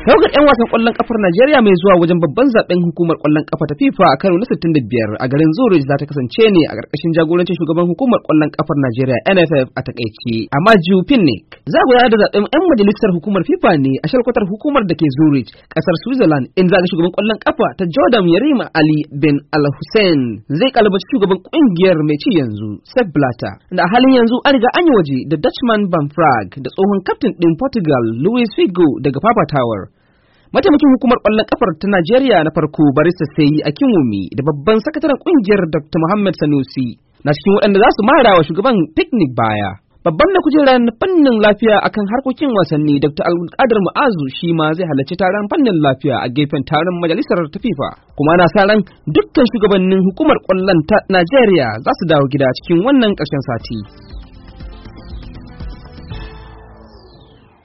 Tawagar 'yan wasan ƙwallon ƙafar Najeriya mai zuwa wajen babban zaben hukumar ƙwallon ƙafa ta FIFA a Kano na 65 a garin Zurich za ta kasance ne a ƙarƙashin jagorancin shugaban hukumar ƙwallon ƙafar Najeriya NFF a takaice. Amma Jiu Pinnick za gudanar da zaben 'yan majalisar hukumar FIFA ne a shalkwatar hukumar da ke Zurich, ƙasar Switzerland, in za ga shugaban ƙwallon ƙafa ta Jordan Yarima Ali Ben Al Hussein zai kalabaci shugaban ƙungiyar mai ci yanzu Sepp Blatter. Da a halin yanzu an riga an yi waje da Dutchman Van Praag da tsohon kaftin ɗin Portugal Luis Figo daga Tower. mataimakin hukumar Kwallon kafar ta Najeriya na farko barista sai a Kinwumi da babban sakataren ƙungiyar Dr. Muhammad Sanusi na cikin waɗanda za su mara wa shugaban picnic baya. Babban na kujerar fannin lafiya akan harkokin wasanni Dr. Alƙadar Mu'azu shi ma zai halarci taron fannin lafiya a gefen taron majalisar ta FIFA. Kuma na sa ran dukkan shugabannin hukumar Kwallon ta Najeriya za su dawo gida cikin wannan ƙarshen sati.